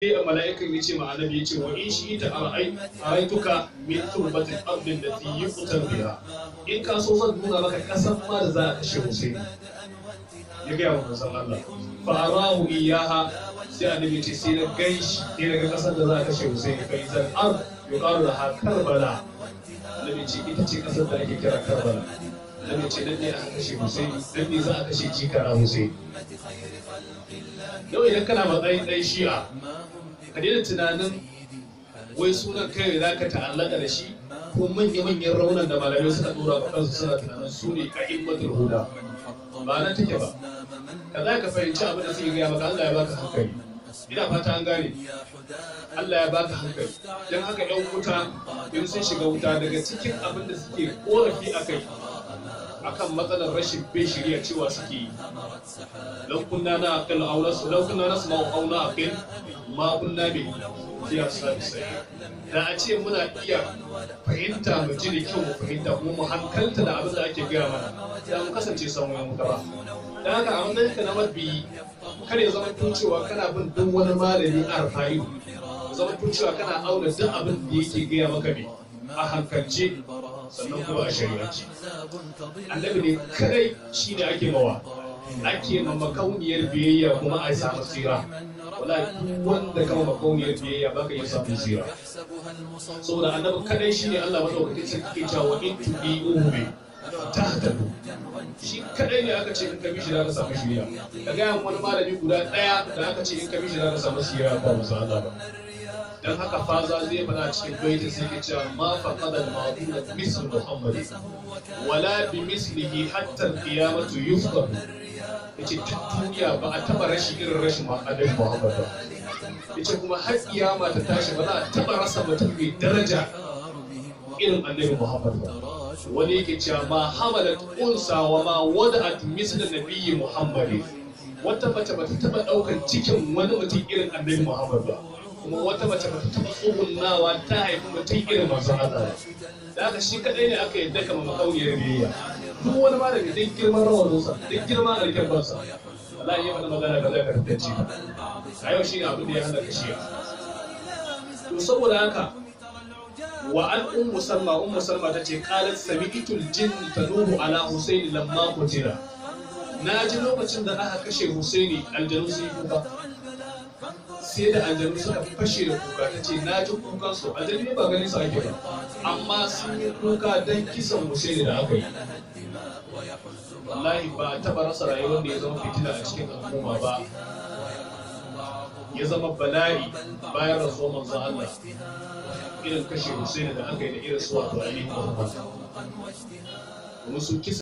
a mala'ikan ya ce ma ya ce wa in shi ta araituka min turbatin abdin da fi yuqtar biha in ka so zan nuna maka kasan ma da za a kashe Hussein ya gaya wa manzon Allah fa arahu iyaha sai annabi ce sai na ganshi ne daga kasan da za a kashe Hussein fa idan ar yuqalu laha karbala annabi ce ita ce kasan da ake kira karbala annabi ce dan ne aka kashe Hussein dan ne za a kashe jikara Hussein yau idan kana matsayin ɗan shi'a ka tunanin wai sunan kai za ka ta'allaka da shi ko manya-manyan raunan da malamai suka dora ba kansu suna tunanin su ne ka immatul huda ba nan take ba ka za ka fahimci abin da suke gaya maka Allah ya baka hankali ina fata an gane Allah ya baka hankali don haka yan wuta in sun shiga wuta daga cikin abin da suke korafi a kai akan matsalar rashin bai shirya cewa suke yi Don kunna na akal aula Don kunna na sama aula akal ma kunna bi ya sai da a ce muna iya fahimta mu ji da kyau mu fahimta kuma mu hankalta da abin da ake gaya mana da mu kasance sauran muka ba da haka a matsayin ka na mabbi kar ya zama cewa kana bin duk wani malami a rafayu zama cewa kana auna duk abin da yake gaya maka ne a hankalce sannan kuma a shari'anci annabi ne kadai shi ne ake mawa ake ma makauniyar biyayya kuma a samu tsira wala duk wanda kama makauniyar biyayya baka yi samun tsira saboda annabi kadai shi ne Allah madaukakin sarki ke cewa in tubi'uhu bi tahtadu shi kadai ne aka ce in ka mishi zaka samu shiriya ka ga wani malami guda daya da aka ce in ka mishi zaka samu shiriya ba musa Allah ba don haka fa za zai mana cikin baiti sai ke cewa ma faqadal ma'dud misl muhammad wala bi mislihi hatta al-qiyamatu yufqa yace duk duniya ba a taba rashi irin rashin ma'adin muhammad ba yace kuma har kiyama ta tashi ba za a taba rasa mutum mai daraja irin annabi muhammad ba wani yake cewa ma hamalat unsa wa ma wada'at misl nabiyyi muhammad wata mace ba ta taba daukar cikin wani mutum irin annabi muhammad ba kuma wata mace ba ta taɓa nawa ta haifi mutum irin masu Allah da haka shi kaɗai ne aka yadda kama makauniyar biyya. duk wani malami duk girman rawaninsa duk girman alƙin bansa wallahi yi wani magana ba zai karɓi ba a yau shi ne abin da ya hana kashiya to saboda haka wa an ummu salma ummu salma tace qalat sami'tul jin tadubu ala husayn lamma qutila na ji lokacin da aka kashe husaini aljanu sai kuka sai da aljanu suka fashe da kuka ta ce na ji kukan su aljanu ba gani su ake ba amma sun yi kuka don kisan Hussein da aka yi wallahi ba taɓa rasa rayuwar da ya zama fitila a cikin al'umma ba ya zama bala'i bayan rasuwa manzo Allah irin kashe Hussein da aka yi da irin suwa Qur'ani ko wasu kisa